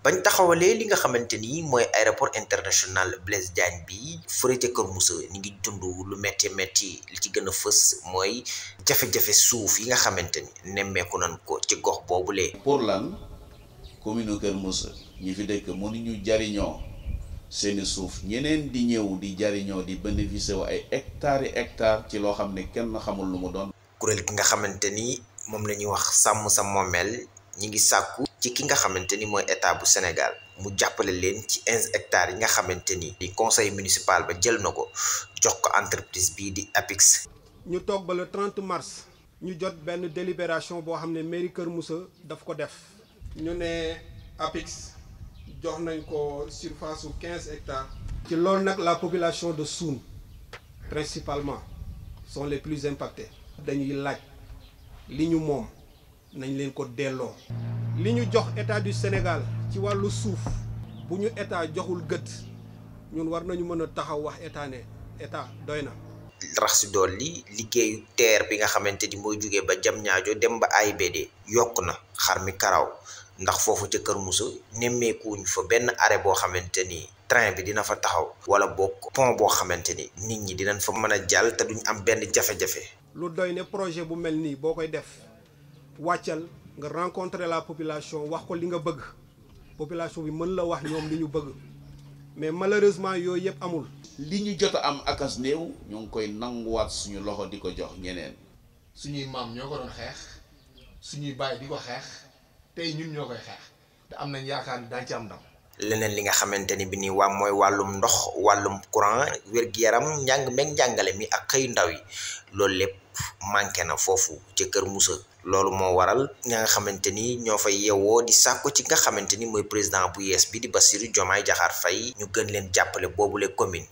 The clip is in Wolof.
bañ taxawalee li nga xamante ni mooy aéroport international Blaise Diagne bi fële ca Kër Moussa ni ngi dund lu métti métti li ci gën a fës mooy jafe-jafe suuf yi nga xamante ni nemmeeku nan ko ci gox boobule. pour lan commune Kër Moussa ñi fi dëkk mënuñu jariñoo seeni suuf ñeneen di ñëw di jariñoo di bénéficier wu ay hectares yi ci loo xam ne kenn xamul lu mu doon. kuréel ki nga xamante ni moom la ñuy wax sàmm sa moomeel. ñi ngi sàkku ci ki nga xamante ni mooy état bu Sénégal mu jàppale leen ci quinze hectares yi nga xamante ni di conseil municipal ba jël na ko jox ko entreprise bii di Apix ñu toog ba le 30 mars ñu jot benn délibération boo xam ne mairie Kër Moussa daf ko def ñu ne Apix jox nañ ko surface su quinze hectares ci loolu nag la population de Soun principalement sont les plus impactés dañuy laaj li ñu moom nañ leen ko delloo li ñu jox état du Sénégal ci wàllu suuf bu ñu état joxul gët ñun war nañu mën a taxaw wax état ne état doy na rax si dool li liggéeyu teer bi nga xamante ni mooy jógee ba jam ñaajo dem ba ay AIBD yokk na xar mi karaw ndax foofu ca Kër Moussa nemmeekuwuñ fa benn arrêt boo xamante ni train bi dina fa taxaw wala bokk pont boo xamante ni nit ñi dinañ fa mën a jàll te duñ am benn jafe-jafe lu doy ne projet bu mel nii boo koy def wàccal nga rencontrer la population wax ko li nga bëgg population bi mën la wax ñoom li ñu bëgg mais malheureusement yooyu yëpp amul. li ñu jot a am akas néew ñu ngi koy nanguwaat suñu loxo di ko jox ñeneen. suñuy maam ñoo ko doon xeex suñuy baay di ko xeex tey ñun ñoo koy xeex te am nañ yaakaar ni daan ci am ndam. leneen li nga xamante ni bi ni waa mooy wàllum ndox wàllum courant wér-gu-yaram njàng meeg njàngale mi ak xëyu ndaw yi loolu lépp. manqué na foofu jëkkër Kër loolu moo waral ña nga xamante ni ñoo fay yewoo di sàkku ci nga xamante ni mooy président bu yees bi di Bassirou Diomaye Diakhar fay ñu gën leen jàppale boobule commune